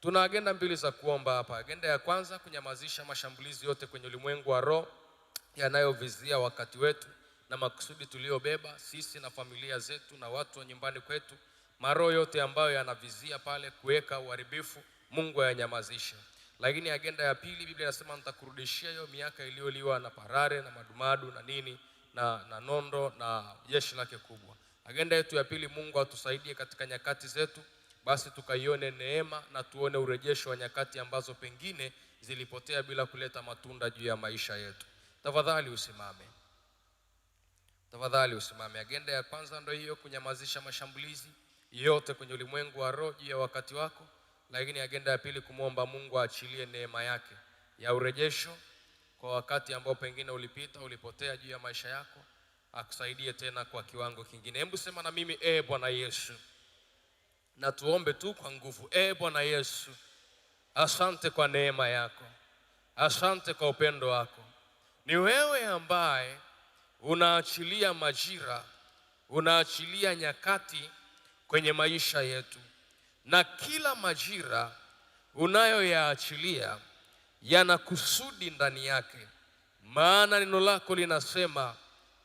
Tuna agenda mbili za kuomba hapa. Agenda ya kwanza, kunyamazisha mashambulizi yote kwenye ulimwengu wa roho yanayovizia wakati wetu na makusudi tuliyobeba sisi na familia zetu na watu wa nyumbani kwetu. Maroho yote ambayo yanavizia pale kuweka uharibifu, Mungu ayanyamazishe. Lakini agenda ya pili, Biblia inasema nitakurudishia hiyo miaka iliyoliwa na parare na madumadu na nini na, na nondo na jeshi lake kubwa. Agenda yetu ya pili, Mungu atusaidie katika nyakati zetu basi tukaione neema na tuone urejesho wa nyakati ambazo pengine zilipotea bila kuleta matunda juu ya maisha yetu. Tafadhali usimame, tafadhali usimame. Agenda ya kwanza ndio hiyo, kunyamazisha mashambulizi yote kwenye ulimwengu wa roho juu ya wakati wako, lakini agenda ya pili, kumwomba Mungu aachilie neema yake ya urejesho kwa wakati ambao pengine ulipita ulipotea juu ya maisha yako, akusaidie tena kwa kiwango kingine. Hebu sema na mimi, e Bwana Yesu na tuombe tu kwa nguvu. E Bwana Yesu, asante kwa neema yako, asante kwa upendo wako. Ni wewe ambaye unaachilia majira, unaachilia nyakati kwenye maisha yetu, na kila majira unayoyaachilia yana kusudi ndani yake, maana neno lako linasema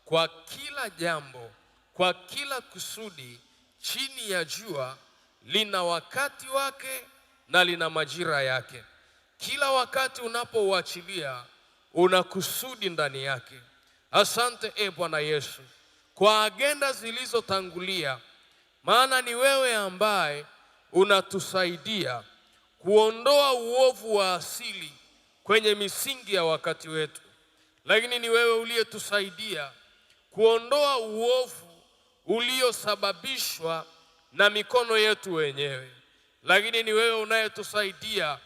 kwa kila jambo, kwa kila kusudi chini ya jua lina wakati wake na lina majira yake. Kila wakati unapouachilia una kusudi ndani yake. Asante e Bwana Yesu kwa agenda zilizotangulia, maana ni wewe ambaye unatusaidia kuondoa uovu wa asili kwenye misingi ya wakati wetu, lakini ni wewe uliyetusaidia kuondoa uovu uliosababishwa na mikono yetu wenyewe, lakini ni wewe unayetusaidia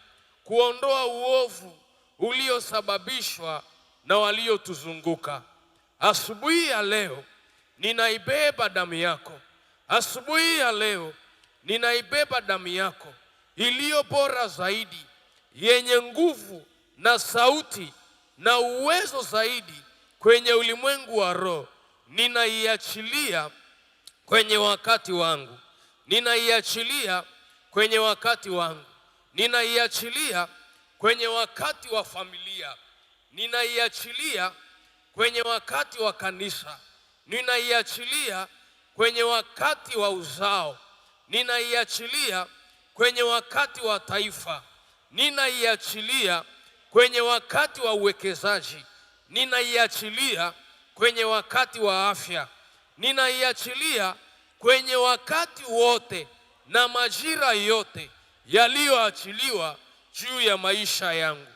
kuondoa uovu uliosababishwa na waliotuzunguka. Asubuhi ya leo ninaibeba damu yako, asubuhi ya leo ninaibeba damu yako iliyo bora zaidi, yenye nguvu na sauti na uwezo zaidi kwenye ulimwengu wa roho, ninaiachilia kwenye wakati wangu ninaiachilia kwenye wakati wangu, ninaiachilia kwenye wakati wa familia, ninaiachilia kwenye wakati wa kanisa, ninaiachilia kwenye wakati wa uzao, ninaiachilia kwenye wakati wa taifa, ninaiachilia kwenye wakati wa uwekezaji, ninaiachilia kwenye wakati wa afya, ninaiachilia kwenye wakati wote na majira yote yaliyoachiliwa juu ya maisha yangu.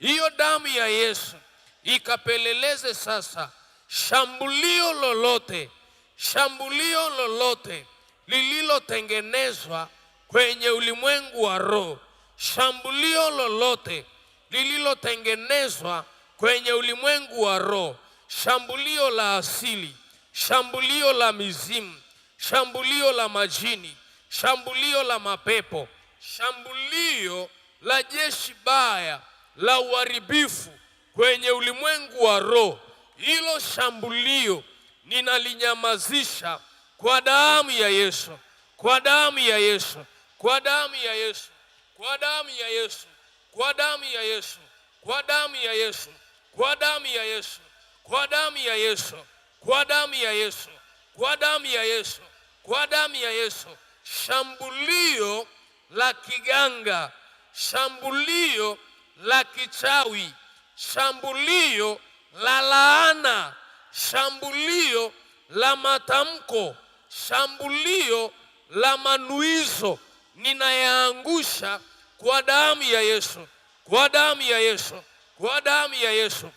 Hiyo damu ya Yesu ikapeleleze sasa shambulio lolote, shambulio lolote lililotengenezwa kwenye ulimwengu wa roho, shambulio lolote lililotengenezwa kwenye ulimwengu wa roho, shambulio la asili, shambulio la mizimu shambulio la majini, shambulio la mapepo, shambulio la jeshi baya la uharibifu kwenye ulimwengu wa roho, hilo shambulio ninalinyamazisha kwa damu ya Yesu, kwa damu ya Yesu, kwa damu ya Yesu, kwa damu ya Yesu, kwa damu ya Yesu, kwa damu ya Yesu, kwa damu ya Yesu, kwa damu ya Yesu, kwa damu ya Yesu, kwa damu ya Yesu kwa damu ya Yesu, shambulio la kiganga, shambulio la kichawi, shambulio la laana, shambulio la matamko, shambulio la manuizo, ninayaangusha kwa damu ya Yesu, kwa damu ya Yesu, kwa damu ya Yesu,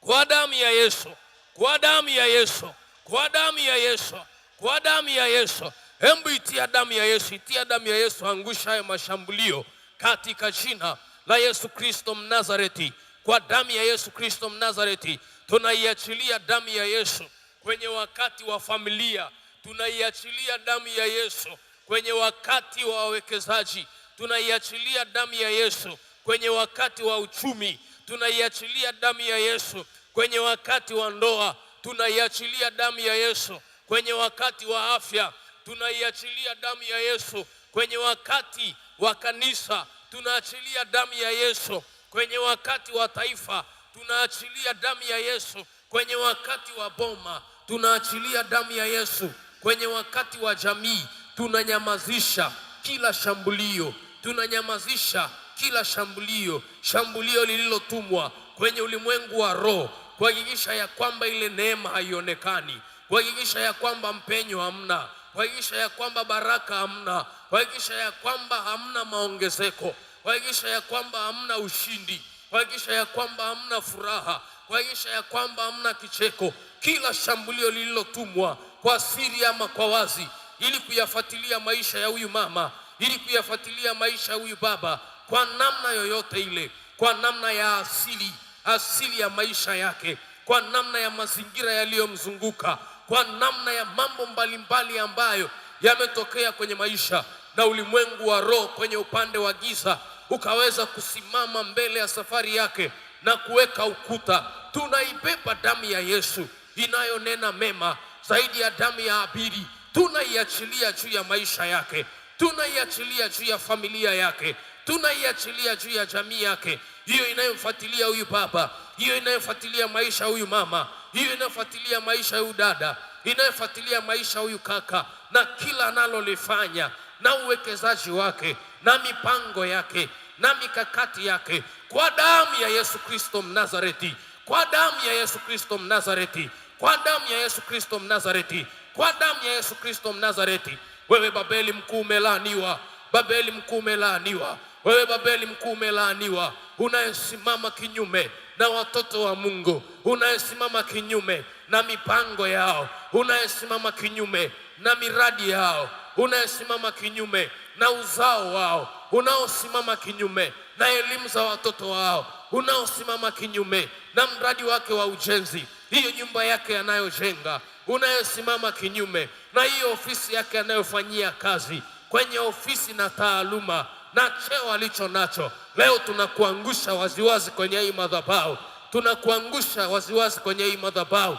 kwa damu ya Yesu, kwa damu ya Yesu, kwa damu ya Yesu kwa damu ya Yesu. Hembu itia damu ya Yesu, itia damu ya Yesu, angusha hayo mashambulio katika jina la Yesu Kristo Mnazareti. Kwa damu ya Yesu Kristo Mnazareti, tunaiachilia damu ya Yesu kwenye wakati wa familia, tunaiachilia damu ya Yesu kwenye wakati wa wawekezaji, tunaiachilia damu ya Yesu kwenye wakati wa uchumi, tunaiachilia damu ya Yesu kwenye wakati wa ndoa, tunaiachilia damu ya Yesu kwenye wakati wa afya tunaiachilia damu ya Yesu. Kwenye wakati wa kanisa tunaachilia damu ya Yesu. Kwenye wakati wa taifa tunaachilia damu ya Yesu. Kwenye wakati wa boma tunaachilia damu ya Yesu. Kwenye wakati wa jamii tunanyamazisha kila shambulio, tunanyamazisha kila shambulio, shambulio lililotumwa kwenye ulimwengu wa roho kuhakikisha ya kwamba ile neema haionekani kuhakikisha ya kwamba mpenyo hamna, kuhakikisha ya kwamba baraka hamna, kuhakikisha ya kwamba hamna maongezeko, kuhakikisha ya kwamba hamna ushindi, kuhakikisha ya kwamba hamna furaha, kuhakikisha ya kwamba hamna kicheko. Kila shambulio lililotumwa kwa siri ama kwa wazi, ili kuyafuatilia maisha ya huyu mama, ili kuyafuatilia maisha ya huyu baba, kwa namna yoyote ile, kwa namna ya asili asili ya maisha yake, kwa namna ya mazingira yaliyomzunguka kwa namna ya mambo mbalimbali ambayo yametokea kwenye maisha na ulimwengu wa roho kwenye upande wa giza ukaweza kusimama mbele ya safari yake na kuweka ukuta. Tunaibeba damu ya Yesu inayonena mema zaidi ya damu ya Habili. Tunaiachilia juu ya maisha yake, tunaiachilia juu ya familia yake, tunaiachilia juu ya jamii yake, hiyo inayomfuatilia huyu baba, hiyo inayomfuatilia maisha huyu mama hiyo inafuatilia maisha huyu dada, inayofuatilia maisha huyu kaka, na kila analolifanya na uwekezaji wake na mipango yake na mikakati yake, kwa damu ya Yesu Kristo Mnazareti, kwa damu ya Yesu Kristo Mnazareti, kwa damu ya Yesu Kristo Mnazareti, kwa damu ya Yesu Kristo Mnazareti. Wewe Babeli mkuu umelaaniwa, Babeli mkuu umelaaniwa, wewe Babeli mkuu umelaaniwa, unayesimama kinyume na watoto wa Mungu, unayesimama kinyume na mipango yao, unayesimama kinyume na miradi yao, unayesimama kinyume na uzao wao, unaosimama kinyume na elimu za watoto wao, unaosimama kinyume na mradi wake wa ujenzi, hiyo nyumba yake anayojenga, unayesimama kinyume na hiyo ofisi yake anayofanyia kazi, kwenye ofisi na taaluma na cheo alicho nacho. Leo tunakuangusha waziwazi kwenye hii madhabahu, tunakuangusha waziwazi kwenye hii madhabahu,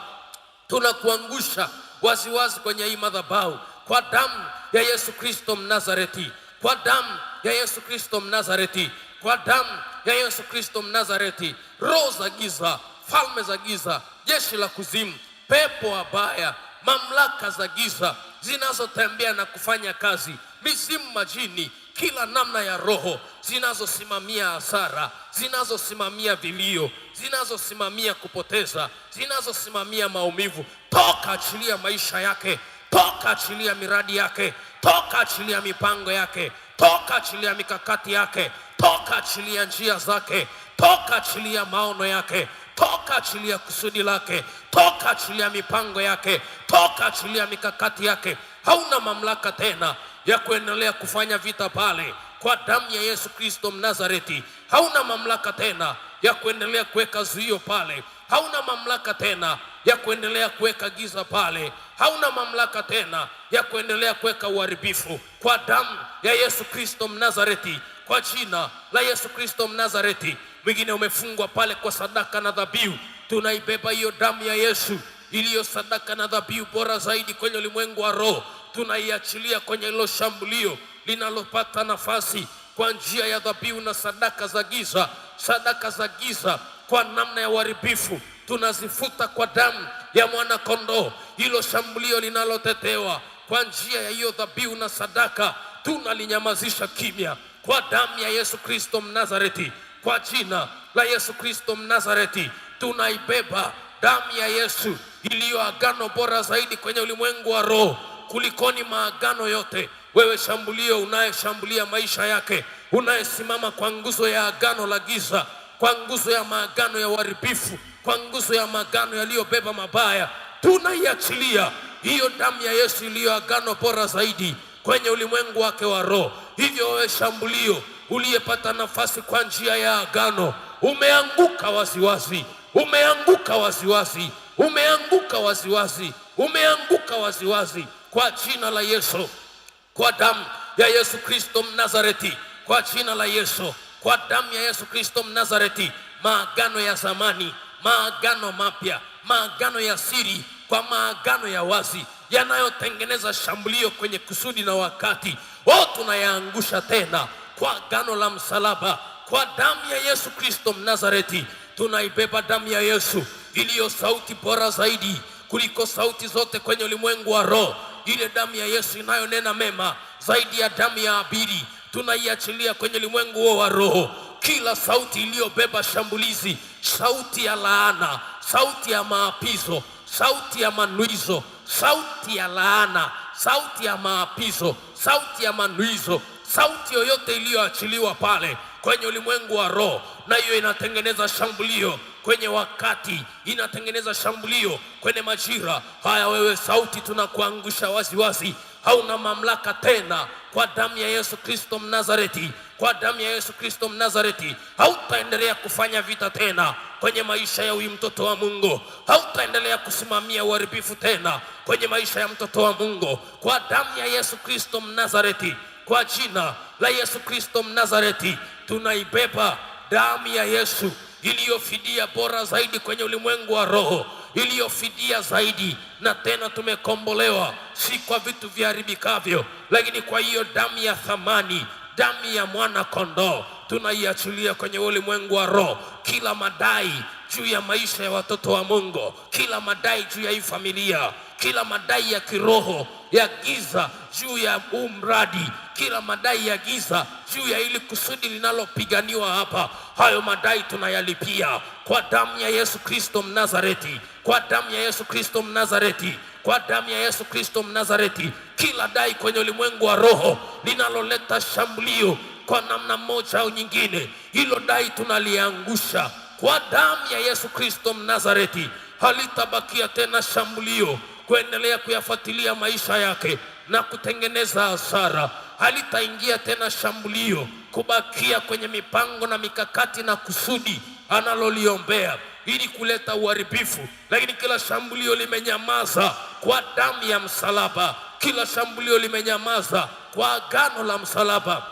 tunakuangusha waziwazi kwenye hii madhabahu kwa damu ya Yesu Kristo Mnazareti, kwa damu ya Yesu Kristo Mnazareti, kwa damu ya Yesu Kristo Mnazareti. Roho za giza, falme za giza, jeshi la kuzimu, pepo wabaya, mamlaka za giza zinazotembea na kufanya kazi, mizimu majini kila namna ya roho zinazosimamia hasara, zinazosimamia vilio, zinazosimamia kupoteza, zinazosimamia maumivu, toka, achilia maisha yake, toka, achilia miradi yake, toka, achilia mipango yake, toka, achilia mikakati yake, toka, achilia njia zake, toka, achilia maono yake toka achilia kusudi lake, toka achilia mipango yake, toka achilia mikakati yake. Hauna mamlaka tena vya kuendelea kufanya vita pale. Kwa damu ya Yesu Kristo Mnazareti, hauna mamlaka tena ya kuendelea kuweka zuio pale, hauna mamlaka tena ya kuendelea kuweka giza pale, hauna mamlaka tena ya kuendelea kuweka uharibifu. Kwa damu ya Yesu Kristo Mnazareti, kwa jina la Yesu Kristo Mnazareti, mwingine umefungwa pale kwa sadaka na dhabihu, tunaibeba hiyo damu ya Yesu iliyo sadaka na dhabihu bora zaidi kwenye ulimwengu wa roho, tunaiachilia kwenye hilo shambulio linalopata nafasi kwa njia ya dhabihu na sadaka za giza. Sadaka za giza kwa namna ya uharibifu tunazifuta kwa damu ya mwanakondoo. Hilo shambulio linalotetewa kwa njia ya hiyo dhabihu na sadaka tunalinyamazisha kimya kwa damu ya Yesu Kristo Mnazareti, kwa jina la Yesu Kristo Mnazareti tunaibeba damu ya Yesu iliyo agano bora zaidi kwenye ulimwengu wa roho kulikoni maagano yote. Wewe shambulio, unayeshambulia maisha yake, unayesimama kwa nguzo ya agano la giza, kwa nguzo ya maagano ya uharibifu, kwa nguzo ya maagano yaliyobeba mabaya, tunaiachilia hiyo damu ya Yesu iliyo agano bora zaidi kwenye ulimwengu wake wa roho. Hivyo wewe shambulio uliyepata nafasi kwa njia ya agano, umeanguka waziwazi wazi umeanguka waziwazi, umeanguka waziwazi, umeanguka waziwazi kwa jina la Yesu, kwa damu ya Yesu Kristo Mnazareti, kwa jina la Yesu, kwa damu ya Yesu Kristo Mnazareti, maagano ya zamani, maagano mapya, maagano ya siri kwa maagano ya wazi yanayotengeneza shambulio kwenye kusudi na wakati, o tunayaangusha tena kwa agano la msalaba, kwa damu ya Yesu Kristo Mnazareti tunaibeba damu ya Yesu iliyo sauti bora zaidi kuliko sauti zote kwenye ulimwengu wa roho. Ile damu ya Yesu inayonena mema zaidi ya damu ya abiri tunaiachilia kwenye ulimwengu huo wa roho. Kila sauti iliyobeba shambulizi, sauti ya laana, sauti ya maapizo, sauti ya manuizo, sauti ya laana, sauti ya maapizo, sauti ya manuizo, sauti yoyote iliyoachiliwa pale kwenye ulimwengu wa roho, na hiyo inatengeneza shambulio kwenye wakati, inatengeneza shambulio kwenye majira haya. Wewe sauti, tunakuangusha waziwazi, hauna mamlaka tena kwa damu ya Yesu Kristo Mnazareti, kwa damu ya Yesu Kristo Mnazareti, hautaendelea kufanya vita tena kwenye maisha ya huyu mtoto wa Mungu, hautaendelea kusimamia uharibifu tena kwenye maisha ya mtoto wa Mungu, kwa damu ya Yesu Kristo Mnazareti, kwa jina la Yesu Kristo Mnazareti. Tunaibeba damu ya Yesu iliyofidia bora zaidi kwenye ulimwengu wa roho, iliyofidia zaidi, na tena tumekombolewa, si kwa vitu viharibikavyo, lakini kwa hiyo damu ya thamani, damu ya mwana kondoo. Tunaiachilia kwenye ulimwengu wa roho, kila madai juu ya maisha ya watoto wa Mungu, kila madai juu ya hii familia, kila madai ya kiroho ya giza juu ya huu mradi kila madai ya giza juu ya ili kusudi linalopiganiwa hapa, hayo madai tunayalipia kwa damu ya Yesu Kristo Mnazareti, kwa damu ya Yesu Kristo Mnazareti, kwa damu ya Yesu Kristo Mnazareti. Kila dai kwenye ulimwengu wa roho linaloleta shambulio kwa namna moja au nyingine, hilo dai tunaliangusha kwa damu ya Yesu Kristo Mnazareti. Halitabakia tena shambulio kuendelea kuyafuatilia maisha yake na kutengeneza hasara halitaingia tena shambulio, kubakia kwenye mipango na mikakati na kusudi analoliombea ili kuleta uharibifu. Lakini kila shambulio limenyamaza kwa damu ya msalaba, kila shambulio limenyamaza kwa agano la msalaba.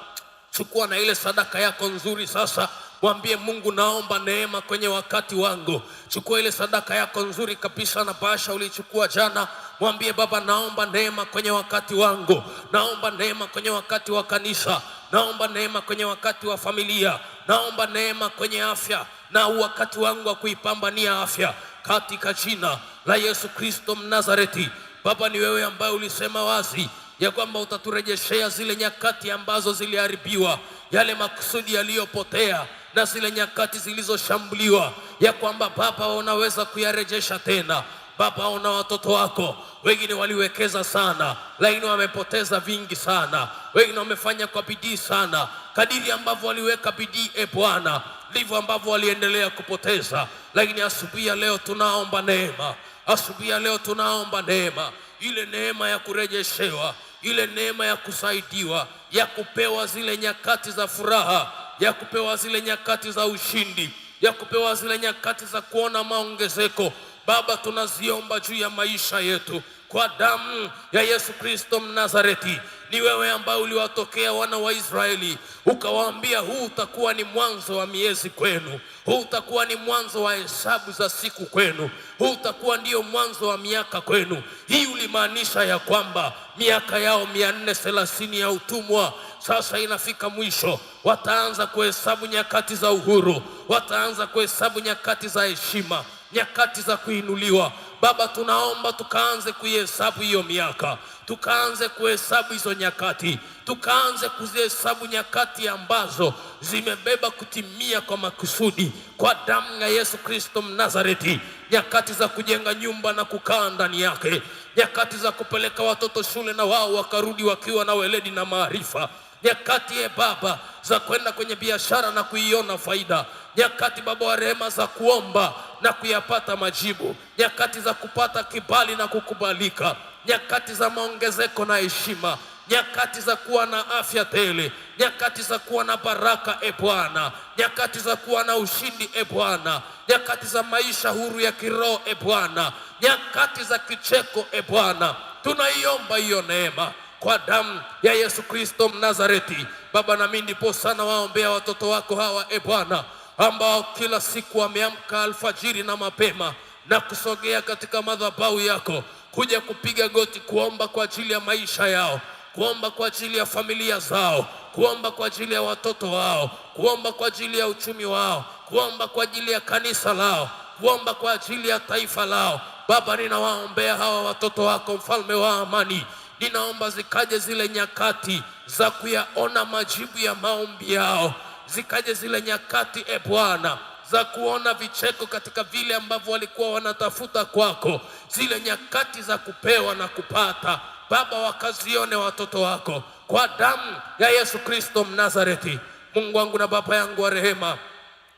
Chukua na ile sadaka yako nzuri sasa Mwambie Mungu, naomba neema kwenye wakati wangu. Chukua ile sadaka yako nzuri kabisa na bahasha ulichukua jana, mwambie Baba, naomba neema kwenye wakati wangu, naomba neema kwenye wakati wa kanisa, naomba neema kwenye wakati wa familia, naomba neema kwenye afya na wakati wangu wa kuipambania afya katika jina la Yesu Kristo Mnazareti. Baba, ni wewe ambaye ulisema wazi ya kwamba utaturejeshea zile nyakati ambazo ziliharibiwa, yale makusudi yaliyopotea na zile nyakati zilizoshambuliwa, ya kwamba Baba unaweza kuyarejesha tena. Baba, una watoto wako wengine waliwekeza sana, lakini wamepoteza vingi sana. Wengine wamefanya kwa bidii sana, kadiri ambavyo waliweka bidii, e Bwana, ndivyo ambavyo waliendelea kupoteza. Lakini asubuhi ya leo tunaomba neema, asubuhi ya leo tunaomba neema, ile neema ya kurejeshewa ile neema ya kusaidiwa, ya kupewa zile nyakati za furaha, ya kupewa zile nyakati za ushindi, ya kupewa zile nyakati za kuona maongezeko. Baba, tunaziomba juu ya maisha yetu kwa damu ya Yesu Kristo Mnazareti ni wewe ambaye uliwatokea wana wa Israeli ukawaambia, huu utakuwa ni mwanzo wa miezi kwenu, huu utakuwa ni mwanzo wa hesabu za siku kwenu, huu utakuwa ndio mwanzo wa miaka kwenu. Hii ulimaanisha ya kwamba miaka yao mia nne thelathini ya utumwa sasa inafika mwisho. Wataanza kuhesabu nyakati za uhuru, wataanza kuhesabu nyakati za heshima, nyakati za kuinuliwa. Baba, tunaomba tukaanze kuihesabu hiyo miaka tukaanze kuhesabu hizo nyakati, tukaanze kuzihesabu nyakati ambazo zimebeba kutimia kwa makusudi kwa damu ya Yesu Kristo Mnazareti, nyakati za kujenga nyumba na kukaa ndani yake, nyakati za kupeleka watoto shule na wao wakarudi wakiwa na weledi na maarifa nyakati ya ee Baba za kwenda kwenye biashara na kuiona faida, nyakati Baba wa rehema za kuomba na kuyapata majibu, nyakati za kupata kibali na kukubalika nyakati za maongezeko na heshima, nyakati za kuwa na afya tele, nyakati za kuwa na baraka, e Bwana, nyakati za kuwa na ushindi, e Bwana, nyakati za maisha huru ya kiroho, e Bwana, nyakati za kicheko, e Bwana, tunaiomba hiyo neema kwa damu ya Yesu Kristo Mnazareti. Baba, nami ndipo sana waombea watoto wako hawa, e Bwana, ambao kila siku wameamka alfajiri na mapema na kusogea katika madhabahu yako kuja kupiga goti kuomba kwa ajili ya maisha yao, kuomba kwa ajili ya familia zao, kuomba kwa ajili ya watoto wao, kuomba kwa ajili ya uchumi wao, kuomba kwa ajili ya kanisa lao, kuomba kwa ajili ya taifa lao. Baba, ninawaombea hawa watoto wako, mfalme wa amani. Ninaomba zikaje zile nyakati za kuyaona majibu ya maombi yao, zikaje zile nyakati, e Bwana, za kuona vicheko katika vile ambavyo walikuwa wanatafuta kwako, zile nyakati za kupewa na kupata. Baba, wakazione watoto wako kwa damu ya Yesu Kristo Mnazareti. Mungu wangu na Baba yangu wa rehema,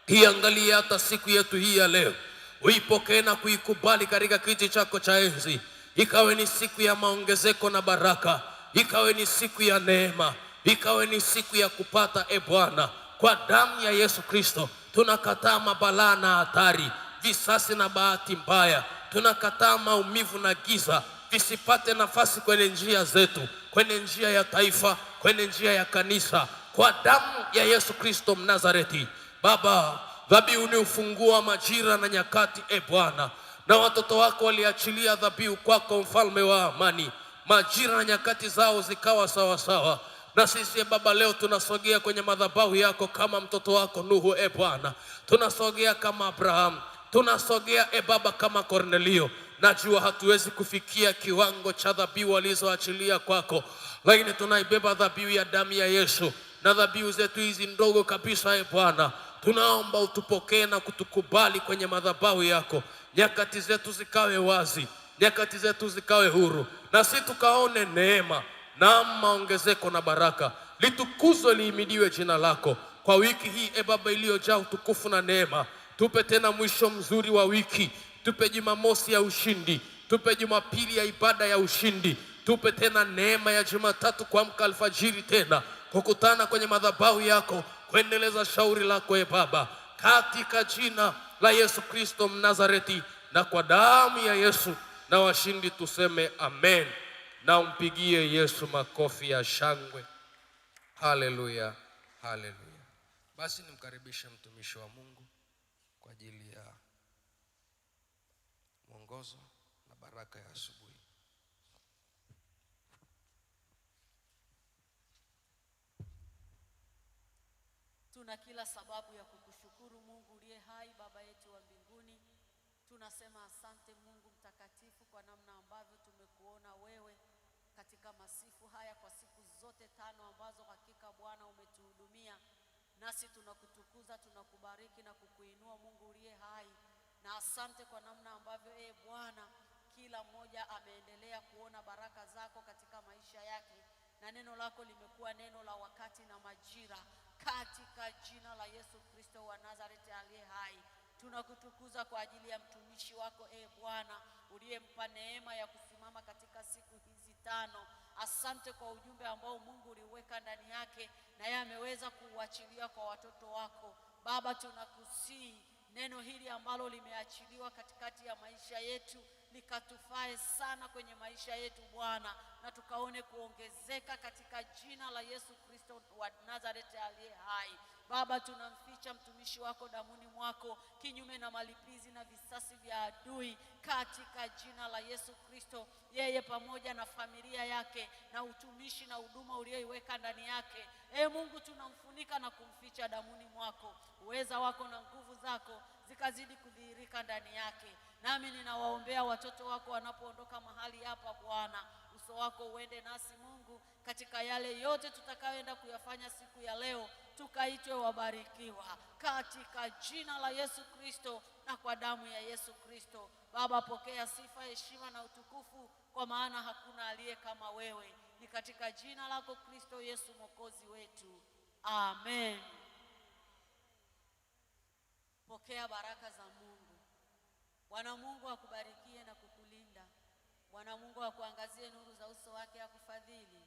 iangalie hata siku yetu hii ya leo, uipokee na kuikubali katika kiti chako cha enzi, ikawe ni siku ya maongezeko na baraka, ikawe ni siku ya neema, ikawe ni siku ya kupata, e Bwana kwa damu ya Yesu Kristo tunakataa mabalaa na hatari, visasi na bahati mbaya. Tunakataa maumivu na giza visipate nafasi kwenye njia zetu, kwenye njia ya taifa, kwenye njia ya kanisa, kwa damu ya Yesu Kristo Mnazareti. Baba, dhabihu ni ufunguo wa majira na nyakati, e Bwana, na watoto wako waliachilia dhabihu kwako, mfalme wa amani, majira na nyakati zao zikawa sawasawa sawa na sisi eh, Baba, leo tunasogea kwenye madhabahu yako kama mtoto wako Nuhu, e Bwana, tunasogea kama Abrahamu, tunasogea e Baba kama Kornelio. Najua hatuwezi kufikia kiwango cha dhabihu walizoachilia kwako, lakini tunaibeba dhabihu ya damu ya Yesu na dhabihu zetu hizi ndogo kabisa, e Bwana, tunaomba utupokee na kutukubali kwenye madhabahu yako. Nyakati zetu zikawe wazi, nyakati zetu zikawe huru, na si tukaone neema na maongezeko na baraka. Litukuzwe lihimidiwe jina lako kwa wiki hii, e Baba, iliyojaa utukufu na neema. Tupe tena mwisho mzuri wa wiki, tupe Jumamosi ya ushindi, tupe Jumapili ya ibada ya ushindi, tupe tena neema ya Jumatatu kuamka alfajiri tena kukutana kwenye madhabahu yako kuendeleza shauri lako, e Baba, katika jina la Yesu Kristo Mnazareti, na kwa damu ya Yesu na washindi tuseme amen na umpigie Yesu makofi ya shangwe. Haleluya, haleluya! Basi nimkaribishe mtumishi wa Mungu kwa ajili ya mwongozo na baraka ya asubuhi. Tuna kila sababu ya kukushukuru Mungu uliye hai, Baba yetu wa mbinguni. Tunasema asante Mungu mtakatifu kwa namna ambavyo tumekuona wewe katika masifu haya kwa siku zote tano ambazo hakika Bwana umetuhudumia, nasi tunakutukuza, tunakubariki na kukuinua Mungu uliye hai, na asante kwa namna ambavyo e Bwana kila mmoja ameendelea kuona baraka zako katika maisha yake, na neno lako limekuwa neno la wakati na majira, katika jina la Yesu Kristo wa Nazareti aliye hai. Tunakutukuza kwa ajili ya mtumishi wako e Bwana uliyempa neema ya kusimama katika siku hizi tano. Asante kwa ujumbe ambao Mungu uliweka ndani yake na yeye ameweza kuuachilia kwa watoto wako. Baba, tunakusii neno hili ambalo limeachiliwa katikati ya maisha yetu likatufae sana kwenye maisha yetu Bwana, na tukaone kuongezeka katika jina la Yesu Kristo wa Nazareti aliye hai. Baba, tunamficha mtumishi wako damuni mwako, kinyume na malipizi na visasi vya adui, katika jina la Yesu Kristo, yeye pamoja na familia yake na utumishi na huduma ulioiweka ndani yake. E Mungu, tunamfunika na kumficha damuni mwako, uweza wako na nguvu zako zikazidi kudhihirika ndani yake. Nami ninawaombea watoto wako wanapoondoka mahali hapa, Bwana uso wako uende nasi Mungu, katika yale yote tutakayoenda kuyafanya siku ya leo tukaitwe wabarikiwa katika jina la Yesu Kristo na kwa damu ya Yesu Kristo. Baba, pokea sifa, heshima na utukufu, kwa maana hakuna aliye kama wewe. Ni katika jina lako Kristo Yesu mwokozi wetu, amen. Pokea baraka za Mungu. Bwana Mungu akubarikie na kukulinda. Bwana Mungu akuangazie nuru za uso wake akufadhili.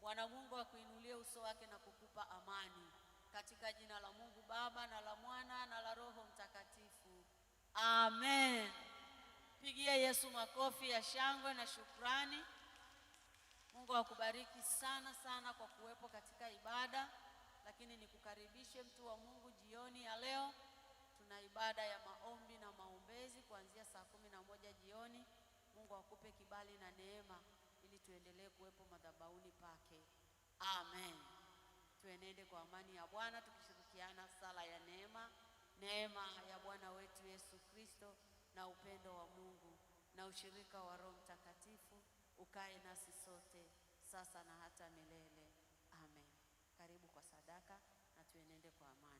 Bwana Mungu akuinulie uso wake na kukupa amani katika jina la Mungu Baba na la Mwana na la Roho Mtakatifu, amen. Pigia Yesu makofi ya shangwe na shukrani. Mungu akubariki sana sana kwa kuwepo katika ibada, lakini nikukaribishe mtu wa Mungu, jioni ya leo tuna ibada ya maombi na maombezi kuanzia saa kumi na moja jioni. Mungu akupe kibali na neema ili tuendelee kuwepo madhabahuni pake, amen tuenende kwa amani ya Bwana tukishirikiana sala ya neema. Neema ya Bwana wetu Yesu Kristo na upendo wa Mungu na ushirika wa Roho Mtakatifu ukae nasi sote sasa na hata milele. Amen. Karibu kwa sadaka na tuenende kwa amani.